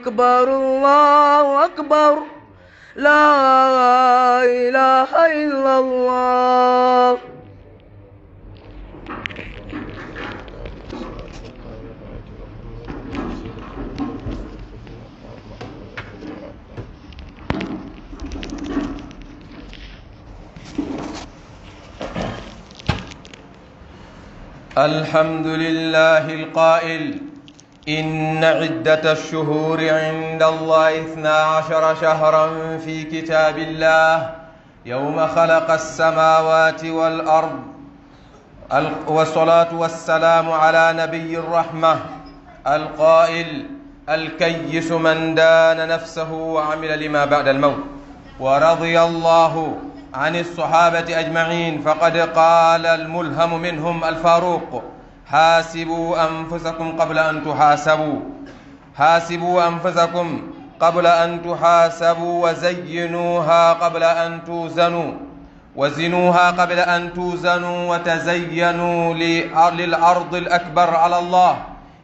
أكبر الله أكبر لا إله إلا الله الحمد لله القائل إن عدة الشهور عند الله إثنا عشر شهرا في كتاب الله يوم خلق السماوات والأرض والصلاة والسلام على نبي الرحمة القائل الكيس من دان نفسه وعمل لما بعد الموت ورضي الله عن الصحابة أجمعين فقد قال الملهم منهم الفاروق حاسبوا أنفسكم قبل أن تحاسبوا حاسبوا أنفسكم قبل أن تحاسبوا وزينوها قبل أن توزنوا وزنوها قبل أن توزنوا وتزينوا للأرض الأكبر على الله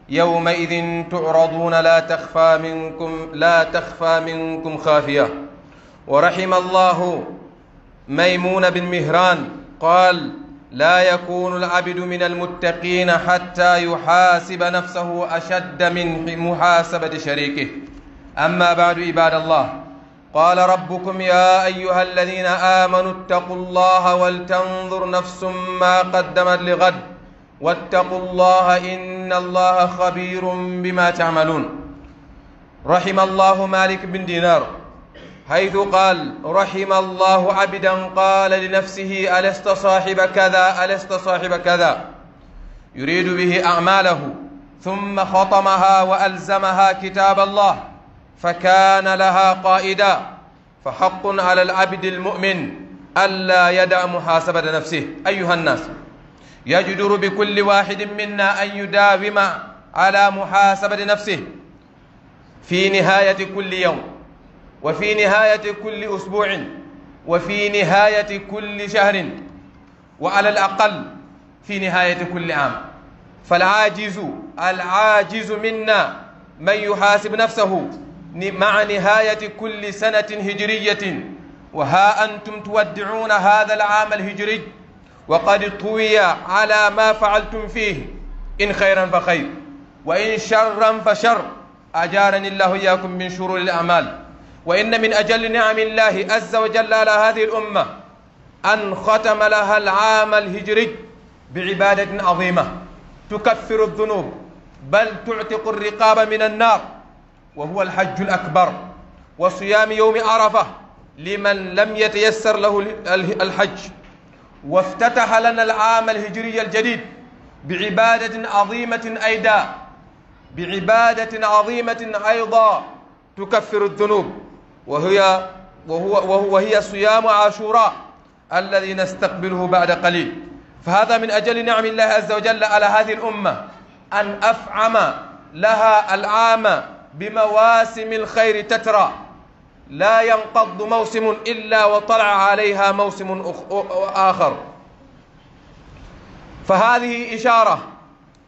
يومئذ تعرضون لا تخفى منكم لا تخفى منكم خافية ورحم الله ميمون بن مهران قال لا يكون العبد من المتقين حتى يحاسب نفسه أشد من محاسبة شريكه أما بعد عباد الله قال ربكم يا أيها الذين آمنوا اتقوا الله ولتنظر نفس ما قدمت لغد واتقوا الله إن الله خبير بما تعملون رحم الله مالك بن دينار حيث قال رحم الله عبدا قال لنفسه ألست صاحب كذا ألست صاحب كذا يريد به أعماله ثم خطمها وألزمها كتاب الله فكان لها قائدا فحق على العبد المؤمن ألا يدع محاسبة نفسه أيها الناس يجدر بكل واحد منا أن يداوم على محاسبة نفسه في نهاية كل يوم وفي نهاية كل أسبوع وفي نهاية كل شهر وعلى الأقل في نهاية كل عام فالعاجز العاجز منا من يحاسب نفسه مع نهاية كل سنة هجرية وها أنتم تودعون هذا العام الهجري وقد طوي على ما فعلتم فيه إن خيرا فخير وإن شرا فشر أجارني الله إياكم من شرور الأعمال وإن من أجل نعم الله عز وجل على هذه الأمة أن ختم لها العام الهجري بعبادة عظيمة تكفر الذنوب بل تعتق الرقاب من النار وهو الحج الأكبر وصيام يوم عرفة لمن لم يتيسر له الحج وافتتح لنا العام الهجري الجديد بعبادة عظيمة أيضا بعبادة عظيمة أيضا تكفر الذنوب وهي وهو وهو وهي صيام عاشوراء الذي نستقبله بعد قليل فهذا من أجل نعم الله عز وجل على هذه الأمة أن أفعم لها العام بمواسم الخير تترى لا ينقض موسم إلا وطلع عليها موسم آخر فهذه إشارة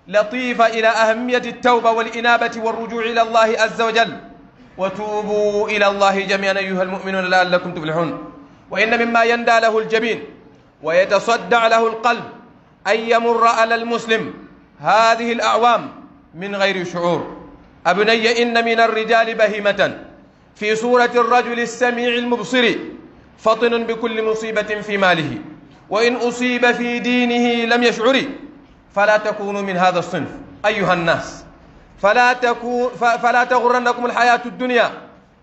لطيفة إلى أهمية التوبة والإنابة والرجوع إلى الله عز وجل وتوبوا إلى الله جميعا أيها المؤمنون لعلكم تفلحون وإن مما يندى له الجبين ويتصدع له القلب أن يمر على المسلم هذه الأعوام من غير شعور أبني إن من الرجال بهيمة في صورة الرجل السميع المبصر فطن بكل مصيبة في ماله وإن أصيب في دينه لم يشعر فلا تكونوا من هذا الصنف أيها الناس فلا, تكون فلا تغرنكم الحياة الدنيا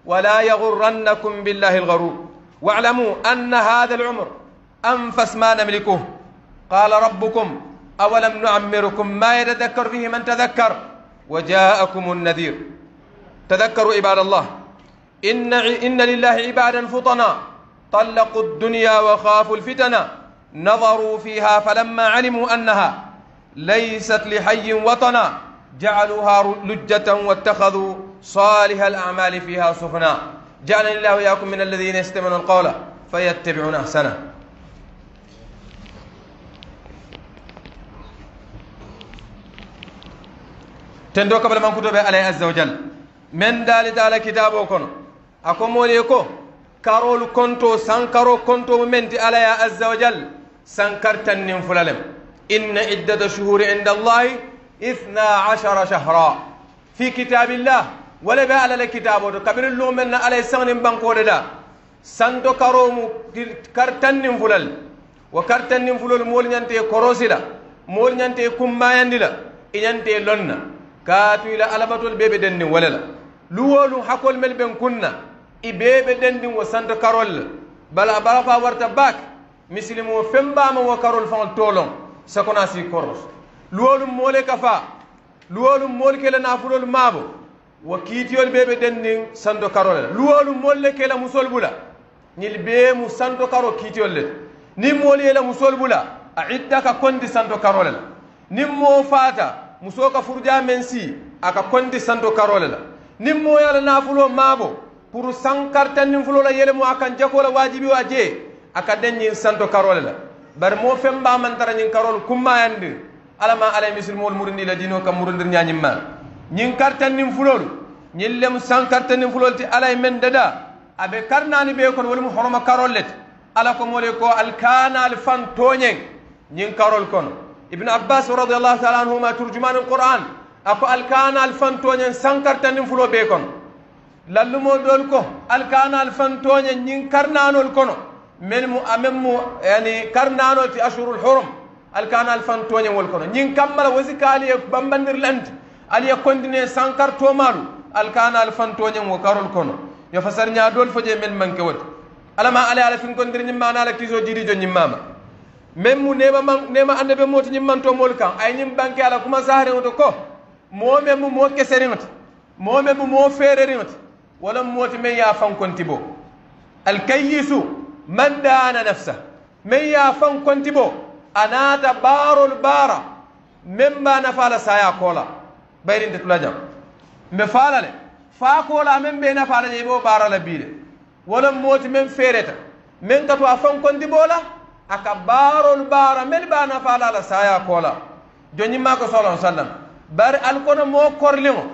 ولا يغرنكم بالله الغرور واعلموا أن هذا العمر أنفس ما نملكه قال ربكم أولم نعمركم ما يتذكر فيه من تذكر وجاءكم النذير تذكروا عباد الله إن, إن لله عبادا فطنا طلقوا الدنيا وخافوا الفتنة نظروا فيها فلما علموا أنها ليست لحي وطنا جعلوها لجة واتخذوا صالح الأعمال فيها سفنا جعلني الله وإياكم من الذين يستمعون القول فيتبعون أحسنه تندو قبل ما كتب عليه عز وجل من دال تعالى كتابكم أقوم وليكو كارول كنتو سانكارو كنتو ممنت على عز وجل سانكرتن فلالم إن عدة شهور عند الله اثنا عشر شهرا في كتاب الله ولا الكتاب لكتابه كبر اللوم من على سان بانكول لا سندو كروم كرتن فلل وكرتن فلل مول ينتهي كروسلا مول نانتي كوما يندلا ينتهي لوننا كاتو الى علامتول بيبي دن ولا لا لولو حقول مل بين كنا اي بيبي وسند كارول بل بلا فا باك مسلمو فمبا ما وكارول فان تولون سكوناسي كروس luwolum moole kafa luwolum mool kela nafulol maabo wo kiitiyol ɓe ɓe ɗennin santo karole la luwolum molle kela musol bula ñil bee mu santo karo kiitiyol le nin moolu yela musol bula a itta ka kondi santo karole la nin moo faata musoo ka furja men si a ka kondi santo karole la nin moo yala nafulo maabo pour sankartannin fulola yelemo a kan jakola waajibi wa jee a ka den ñin santo karole la bari moo femba mantara ñin karol kummayandi alama alay misilmol murundi la dino kam murundir ñañim ma ñin kartan nin fulolu ñin lem san kartan nin fulol ti alay men dada abe karnani be kon wolum horoma karol let ala ko mole ko alkanal fan toñeng ñin karol kono ibnu abbas radiallahu taala anhuma turjuman alquran ako alkanal fan toñen san kartan nin fulo be kono lallumol dol ko alkanal fan toñen ñin karnanol kono men mu amen mu yani karnanol ti ashurul hurum alkana alfan toñewol kono ñin kammala wosi ka bambandir lanti ali kondine continue sankar tomalu alkana alfan toñewo karol kono yo fasar nya dol foje men manke woti alama ala ala fin kondir ñimmana ala jo jiidijo mama même mu neba man nema annabe moti ñimmanto mol kan ay ñim banke ala kuma sahareŋoto ko mo mem mu moo keseriŋoti mo mem mu moo feereriŋoti wala moti men ya fan fankonti bo alkayisu man dana nafsa men ye a bo anata barol bara men ba nafala saya kola bayrinde tula jam mbe fala le fa kola men ɓe nafala je ɓo bara la biile wala mooti men feereta men ka to a fankondi ɓola aka barol bara men ba nafala la saya kola joñimma ko sala sallam bari alkono mo korliŋo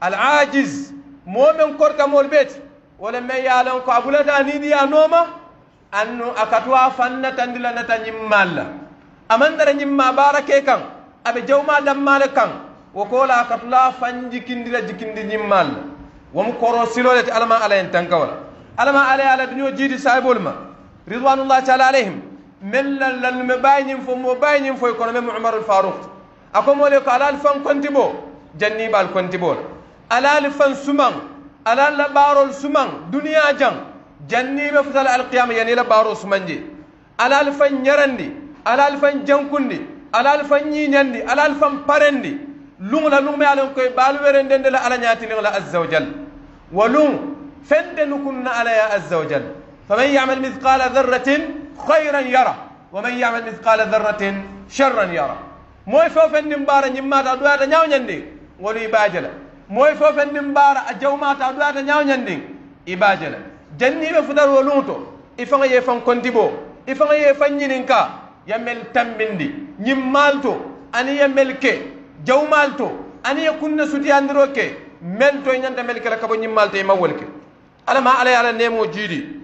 al ajis mo men korkamol ɓeeti wala men ye lon ko a bulata niidiya nooma annu akatuwa fan natandila nata ñimmalla aman dara ñimma baara ke kan aɓe jawma dammale kan wo kola katula fan jikindira jikindi ñimmal la womo koro silole alama ala hen tanka wala alama ala ala duño jiidi sahibol ma ridwanullah taala alayhim men lallalnume ɓayñin fo mo ɓayñin foy kono men moumarul farouk akomole ko alal fan konti bo jannibal konti bol alal fan suman alal la ɓarol suman duniya jan janniɓe fotal alqiyama yanila ɓaro sumanje alal fan ñarandi alal fan jankundi alal fan ñiñandi alal fan parendi luŋla luŋ me alan koy bal werendende ndendela ala lung la azza wajal jal wa luŋ fende nukunna ala ya azza wajal faman yamal mithqala dharratin khayran yara wa man yamal mithqala dharratin sharran yara moy mbara ñi mata ñimmata duwata ñawñandi wolu ibaaje la moy fo fendi mbaara a jawmata duwata ñawñandi ibajala janni be fudar wo to i ye fan kontibo i ye fan ñininka yamel tambindi ñimmal to ani yamel ke jawmal to ani ye kunna sutiyandiro ke men to ñanta mel kela kabo ñimmal to ima wol ke ala ma ala ye ala nemo jiidi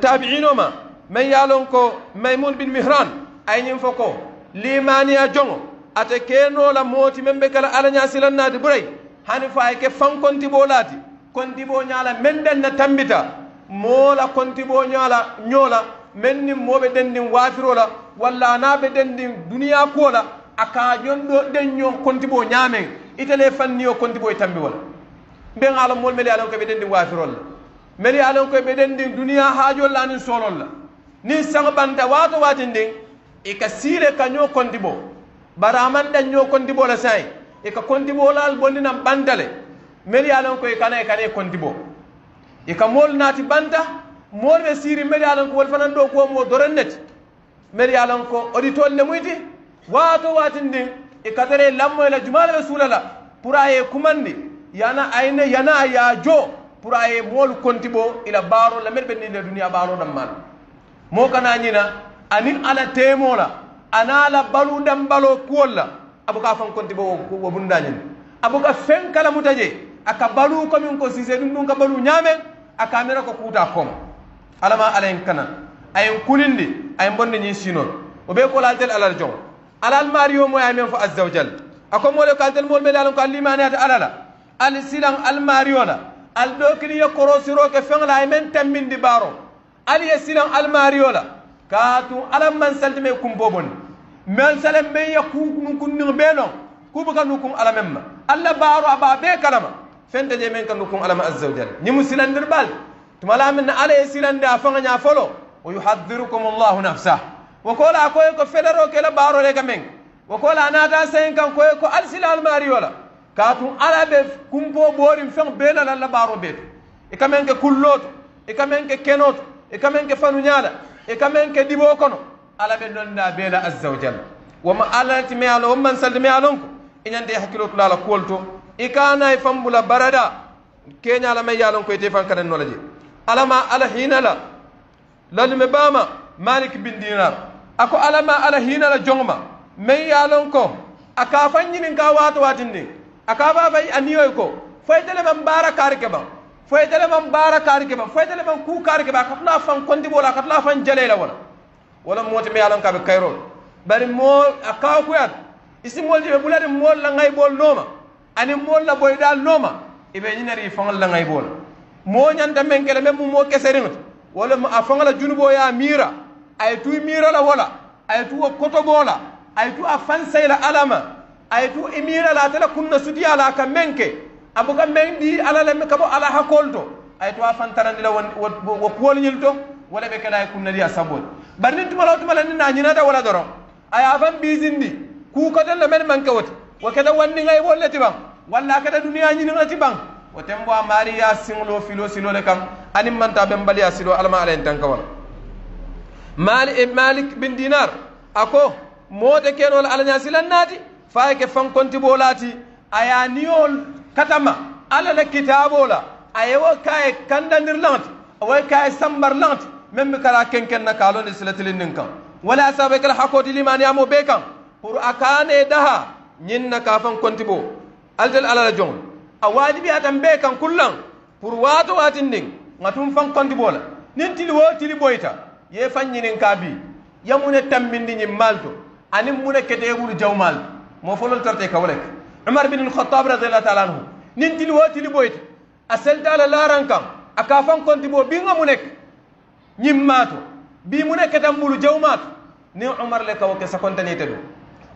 tabiino ma men ye lon ko maymun bin mihran ay ñin fo ko limaniya jongo ate kenola mooti men be kala ala ñasilan naati ɓuray hani fo ay ke fankontibo laati kontibo ñala men den na tambita moola kontibo ñala ñoola men nin moɓe ɗen ndin waafirola walla anaɓe ɗen ndin duniya kuwola aka jon ɗo ɗen yo kontibo ñaamen itele fanni o kontibo e tambi wala mben alam mol meli alan koye ɓe ɗen ndin waafirolla meli alan koye ɓe ɗen ndin duniya haajolla anin sololla nin sago ɓanta waato waatin ndin ika siire kaño kontibo bara aman ɗan yo kontibola sayi ika kontibolal bonninan ɓantale meli alan koye kana e kana e kontibo ika mol naati ɓanta moonde siiri mbeɗa alan ko woni fanan ɗo koomo doran neti mbeɗa alan ko oɗi tolde muyti wato watin ndin e katere lammoyla e jumala ɓe suulala pour aye kumandi yana ayne yana ya jo pour aye moolu konti ɓo ila baro la mbeɗa ɓenndinde duniya baro ɗammaɗo mo kana ñina anin ala temola anaala balu ɗam ɓalo kuwolla abo ka fan konti ɓo wo bundañin abo ka fen kala mutaje aka balu komin ko sise ɗum ɗum ka balu ñamen aka mira ko kuuta koma alama ala en kana ayen kulindi ayen bonde ñin sinol o ɓe kolaltel alal jon alal mario moy amen fo azza wa jal ako kaltel mol mele alan ko allimaniyata alala al silan al mario la al ɗo kini ye korosiroke feŋla amen tambindi baro ali ye silan al mario la kaatu alan man saltime kumbobondi men salem men ye kunkunniŋ ɓe noŋ kubuka nukun ala men alla baaro a baa kalama fente je men ka nukun ala ma azza wa jal ñimu tumala min ala ye sirandi a faŋa ña folo wa yuhadirukum allahu nafsa wo kola a koye ko federo ke la baaro le ka meŋ wo kola a naata seŋ kaŋ koye ko ali silaal maariyo la kaatu ala be kumpo booriŋ feŋ bee la la la baaro bee to i ka meŋ ke kulloo to i ka meŋ ke kenoo to i ka meŋ ke fanuñaa la i ka meŋ ke diboo kono ala be londaa bee la azza wa jalla woma alla ti me a la wo maŋ salti me a loŋ ko i ñanta i hakkiloo tula a la kuwol to i ka a naa i faŋ bula barada keeñaa la maŋ ye a loŋ ko ite faŋ kanaŋ no la je ala ma ala hina la lalume bama malik bin dinar ako ala ma ala hina la jongma men ya lon ko aka fannyinin ka wato watin ne aka ba bai aniyo ko faydele man bara kar ke ba faydele man bara kar ke ba faydele man ku kar ke ba ka tuna fan kondi bola ka tuna fan jale la wala wala moti me yalon ka be kairo bari mo aka ko yat isi mol je bulade mol la ngay bol noma ani mol la boy dal noma ibe nyinari fan la ngay bol moñanta men kele men mumo keseriŋoti wala a faŋa la junuboo ye a miira a ye tu miira la wo la a ye tu wo kotogoo la a ye tu a fansayi la alla ma a ye tu i miira la ate la kunna sutiya la a ka meŋ ke a buka meŋ di alla le ka bo ala hakoolu to a ye tu a fantarandi la wo kuwolu ñil to wo le be ke la a ye kunna di a sabooti bari niŋ tuma la wo tuma la niŋ naa ñinata wo la doroŋ a ye a faŋ biisindi kuu koten le men maŋ ke wo ti wo keta wanniŋa ye wolu le ti baŋ walla a keta duniyaa ñiniŋa ti baŋ woten bo a maari ya siŋolo filo silo le kaŋ aniŋ manta ya silo alama ala yen tanka wala eh, malik bin dinar a ko keno ala ñasilan ke fankontiboo laati a ye katama ala le kitaaboo la a ye wo ka kandandir laŋti wo ye sambar laŋti meŋ kala kara na ka londi silatilin niŋ kaŋ wala a sababu kela hakkooti limaniyamo bee kaŋ pour a daha ñiŋ na ka fankontiboo alitel ala la joŋo awajibi wajibi be kan kullan purwato waato waatin ndin fan konti bola nin tili wo tili boyta ye fan ñinin yamune tambindi ni malto ani mune kete jaw jawmal mo folol tarte kawlek umar bin al-khattab radhiyallahu taala anhu nin tili wo tili boyta a seltala la rankam aka fan konti bo bi nga nek bi mune kete mulu ni umar le kawo ke sa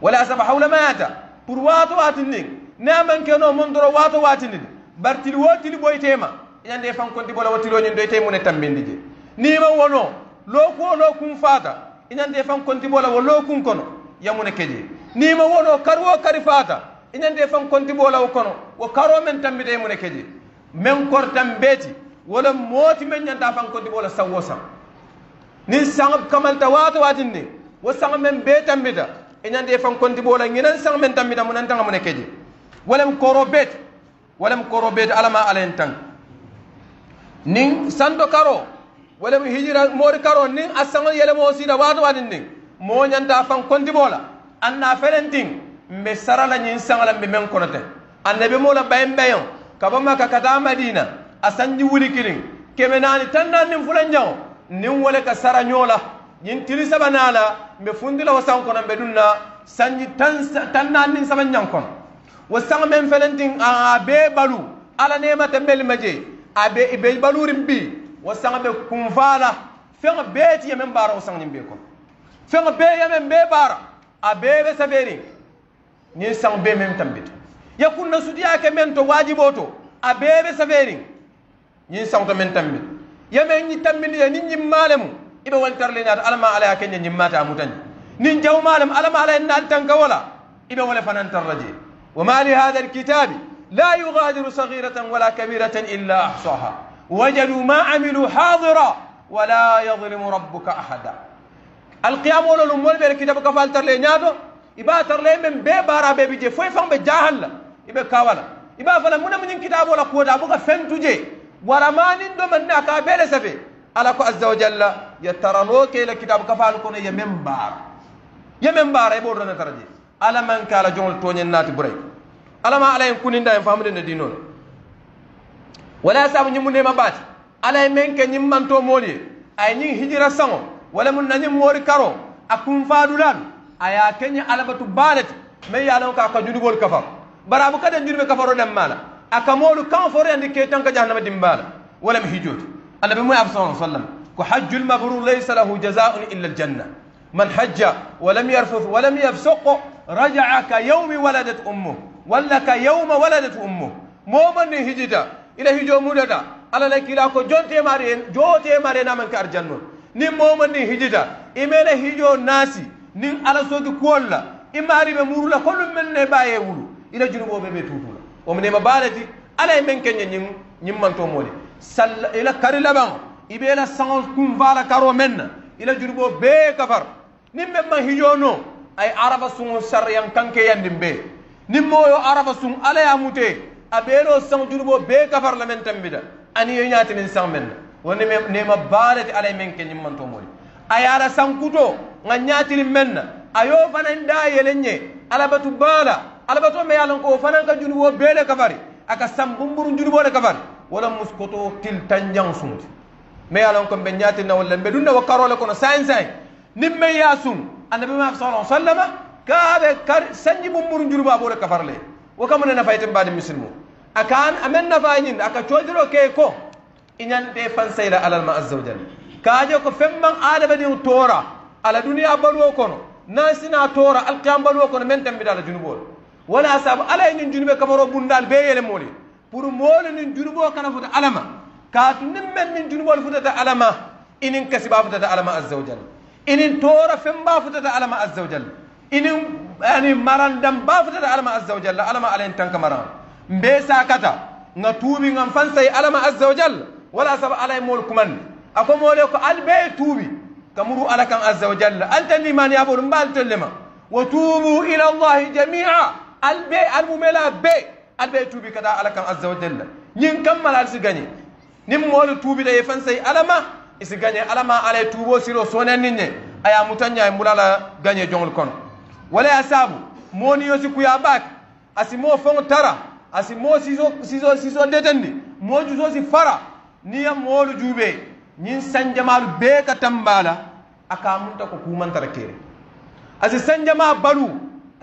wala sabahu lamata purwato pour na man keno mon doro wato watini bartil wotili boytema yande fan konti bola watilo nyin doyte mun tambindi je ni ma wono lo ko lo kun fata inande fan konti bola wo kun kono yamune keje ni ma wono karwo kari fata inande fan konti bola wo kono wo karo men tambide mun keje men kortam beti wala moti men nyanta fan konti bola sawo sam ni sangab kamal tawato watini wo sangam men be tambida inande fan konti bola nginan sang men tambida mun antanga mun keje ولم كوروبيت ولم كوروبيت على ما علين تان نين ساندو كارو ولم هجرة مور كارو نين أسمع يلم وسيرة وادو وادين نين مو نينتا فان كوندي بولا أنا فلنتين مسارا لا نين سانغلا بمن كونتين النبي مولا بين بين كبما ككتا مدينة أسنجي ولي كيلين كمناني تنان نين فلان جاو نين ولا كسارا نيولا ñin tili saba naala mbe fundila wo saŋ kono mbe dunna sanji tan naannin wo saŋ meŋ felentin a bee balu ala nemata mel ma je a be be balurin bi wo saŋ be kunfaala feŋ bee tiye meŋ baara wo saŋñiŋ bee kono feŋ bee ye meŋ bee baara a bee be safeeriŋ niŋ saŋ bee meŋ tambita ye kunna sutiyaa ke meŋ to waajiboo to a bee be safeeriŋ ñiŋ saŋo to meŋ tambi ye meŋ ñiŋ tambindi ye niŋ ñiŋ maa lemu i be wali tarle ñaata alla ma ala ye a ke ñe ñiŋ maata a mutañi niŋ jaw maa lemu alla ma ala ye naali tankawo la i be wo le fanaŋ tarla jee وما لهذا الكتاب لا يغادر صغيرة ولا كبيرة إلا أحصاها وجدوا ما عملوا حاضرا ولا يظلم ربك أحدا القيام ولا لمول الكتاب كفال ترلي نادو إبا لي من بي بارا بي بيجي فوي فان بجاهل إبا كاولا إبا فلا من من كتاب ولا قوة أبوك فن تجي ورمانين دو من ناكا بيل سفي ألاكو عز وجل يترنوك إلى كتاب كفال كون يمن بار يمن بار يبور رنا ترجي ألا من كالا جون التونين بريك alama alay kunin da kuninda en famude no dinono wala sabu ñimmundema ma bat alay menke ke man to moli ay ñing hijira sango wala mun nañim mori karo akum fadulan aya kenya alabatu baalati men ye alon ka ka junubol kafar barabu kaden junube kafaro dem mala aka moolu kan fo andi ke tan ka jahannama dimbaala walam hijooti allah ɓe muy af sa sallam ko hajjul mabrur laysa lahu jazaa'un illa aljanna man hajja walam yarfuth walam yafsuq raja'a ka yawmi waladat ummuh ولك يوم ولدت أمه مومن هجدا إلى هجو مولدا على لك إلى كو جونتي مارين جوتي مارين من كارجانو نم مومن هجدا إمين هجو ناسي نم على سوك كولا إماري بمورولا كل من نباية ولو إلى جنوب وبيبي توتولا ومن ما بالتي على من كن نم نم من تومولي سل إلى كاري لبان إبيلا سانس كون فالا كارو من إلى جنوب وبيبي كفر نم من هجو نو أي عرب سون سريان كان كيان دمبي nimmoyo arafa sun ala ya mute a ɓeɗo san junubo be kafar la men tambita ani yo ñatinin san men woni nema baalete alay men ke ñimmantomoli a yaala sankuto ga ñatinin men na ayo fanan da yelen ye alabatu baala alabato me yalon ko fanan ka junubo bele kafari aka sambumburun junubo le kafari wala muskoto til tanjan sunti me yalon ko ɓe ñatinna walla ɓe ɗumna wa karole kono sain sain nin men ya sun annabi ma sallallahu alaihi wasallam كابي كار سنجي ممبر جنوبا بورا كفر لي وكمن نفايت بعد المسلمون أكان أمن نفاينين أكا تشوزرو كيكو إنان دي فانسيلا على الماء عز وجل كاجو كفمن آدم دي تورا على دنيا بلو كونو ناسنا تورا القيام بلو كونو من تنبدا لجنوبول ولا ساب على إن جنوب كفرو بندال بيل مولي pour moolu nin junubo kana futa alama ka tunim men junubo junuboolu ta alama inin kasibaa ta alama azza wajal jal inin toora fembaa ta alama azza wajal ini yani maran dam bafatata alama azza wa jalla alama alayen tanka maran mbe sakata nga tuubi ngam fan sayi alama azza wa jalla wala saba alaye mool kumandi ako moole ko albeye tuubi kamuru ala kan azza wa jalla altanni mani yaboɗo mbaal tellema wa tubu ila llahi jamia albe almumela be albe tuubi kada ala kan azza wa jalla ñin kammala alsi gañe nin moole tuubiɗa ye fan sayi alama isi gañe alama alaye tuubo siro sonennin ñe aya mutanya e mbulala gañe jongol kono wala ya samu mo niyo si kuya bak asi mo fon tara asi mo siso siso siso detendi, mo juso si fara niya molu jube nyin sanjamalu be ka tambala aka munta ko kuman tarakere asi sanjama balu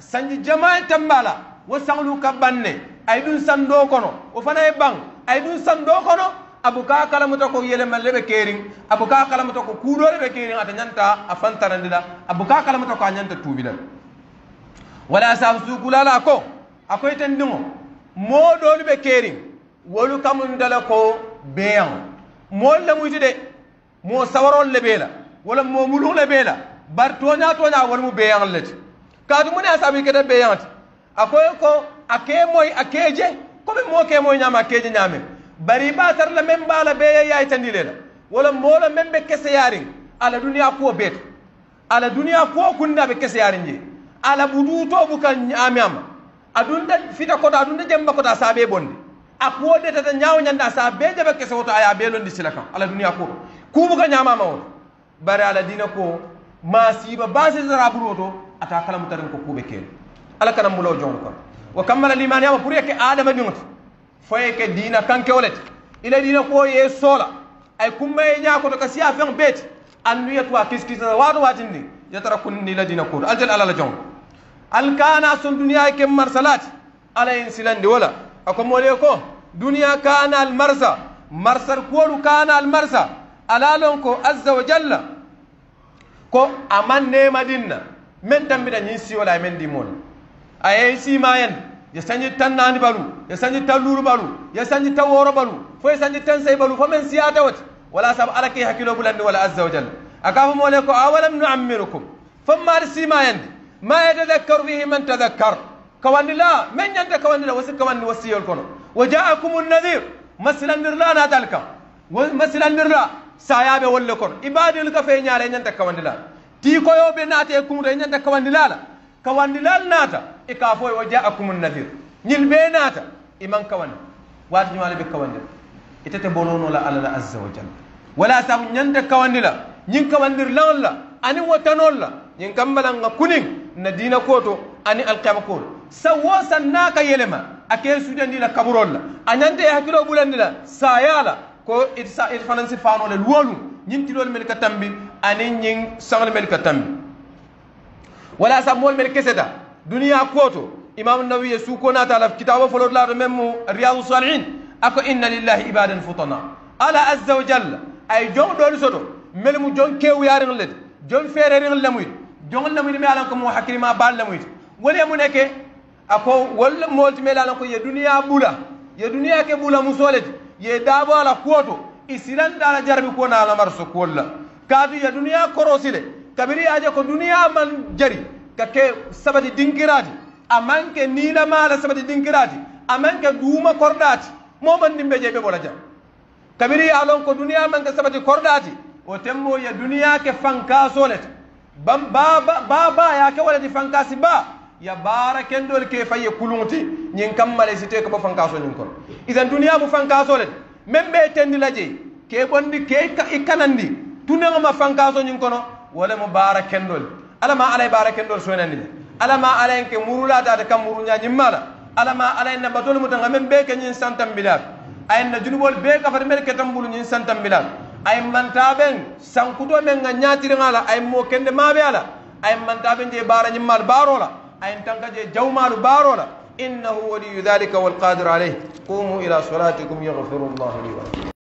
sanji jama tambala wo sanglu ka banne ay dun sando kono o fana e bang ay dun sando kono abuka kalamuta ko yelemalle ɓe keerin abuka kalamuta ko kuuɗole ɓe keerin ata ñanta a fantarandila abuka kalamuta ko a ñanta wala sabu sukulala ko akoy ten diŋo moo doolu be keri wolu kamun dala ko beyaŋo moolu le muyti de moo sawarolu le bee la wala mo mulu le bee la bari tooñaa tooñaa wolu mu beyaŋolu le ti kaatu mu ne sabu i keta beyaŋo ti a ko a kee moyi a kee je komi moo kee moyi nyame a kee je bari ba be a tara la meŋ be a la beeye la wala moo la meŋ be kese yarin ala duniya ko bee ala duniya ko duniyaa kuwo kunni a be keseyaariŋ jee ala buduto bukan nyamyama adunda fita kota adunda jamba kota sabe bonde akuode tata nyaaw nyanda sabe jabe kese woto aya belondi sila kam ala duniya ko ku buka nyamama woto bari ala dina ko ma siba basi zara buroto ata kala mutarin ko kube ken ala kana mulo jongo ko wa kammala liman yama pour yake adama nyunta foye ke dina kanke wolete ila dina ko ye sola ay kummaye ñakoto ka siya fen beeti annuye kiskisa wato watindi yatarakkunni la dina koto aljal ala la jongo alkana sun duniya ke marsalat ala yin silandi wala akwai mole ko duniya kana almarsa marsar kuwalu kana almarsa alalon ko azza wa jalla ko aman nema dinna men tambida nyin si wala men di mon aye si mayen ya sanji tan nani balu ya sanji tan luru balu ya sanji tan woro balu fo ya sanji tan sai balu fo men siyata wat wala sab alaki hakilo bulandi wala azza wa jalla akafu mole ko awalam nu'ammirukum famma si mayen ما يتذكر به من تذكر كوان لا من ينت كوان لا وسي كوان وسي الكون وجاءكم النذير مثلا نرلا ناتلك مثلا نرلا سايابه ولكون عباد لك في نيال ينت كوان لا تي كويو بناتي كوم ينت كوان لا كوان لا ناتا إكافوي وجاءكم النذير نيل بيناتا إمان كوان واد نيال بكوان إتت بولون ولا الله عز وجل ولا سام ينت كوان لا نين كوان لا ani wotanol la ñiŋ kambalan ŋa kuniŋ na dina koto ani alkiyama koto sawo sanna ka yelema ake sujandi la kaburol la anyante hakilo bulandi la sayala ko it sa it fanan si fano le wolu nyim tilol mel ka tambi ani nyin sangal mel ka tambi wala sa mol mel keseda duniya koto imam nawawi ya suko na ta laf kitabo folod la do memu riyadu salihin ako inna lillahi ibadan futana ala azza wa jalla ay jong do soto mel mu jong kew yarin le jong ferere lamuy جون لا ميني ميالان كو موحكري ما بال لاموي ولي مو اكو ول مولت ميلان يا دنيا بولا يا دنيا كي بولا يا دابو على كوتو اسيران دارا جربي كو نالا مرسو كولا كادو يا دنيا كروسيلي كابيري اجا كو دنيا من جري كاكي سبدي دينكراتي امان كي نيلا مالا سبدي دينكراتي امان كي دوما كوردات مومن ديمبي جي بولا جا كابيري الون كو دنيا من كي سبدي كورداتي وتمو يا دنيا كي bam ba ya ke wala di fankasi ba ya bara kendol ke faye kulunti nyin kammale site ko fankaso nyin ko idan duniya mu fankaso le membe tendi laje ke bondi ke ikanandi tunengo ma fankaso nyin kono wala mu bara kendol ala ma alay bara kendol so nandi ala ma alay ke murula da kam murunya nyin mala ala ma alay na batol mutanga membe ke nyin santam bilal ayna junubol be fa mer ke tambulu nyin santam bilal ay mantaben sankuto men nga nyaatiri ngala ay mo kende mabe ala ay mantaben de bara nyimal barola ay tanka je jawmalu barola innahu waliyu dhalika wal qadir alayh qumu ila salatikum yaghfirullahu li wa lakum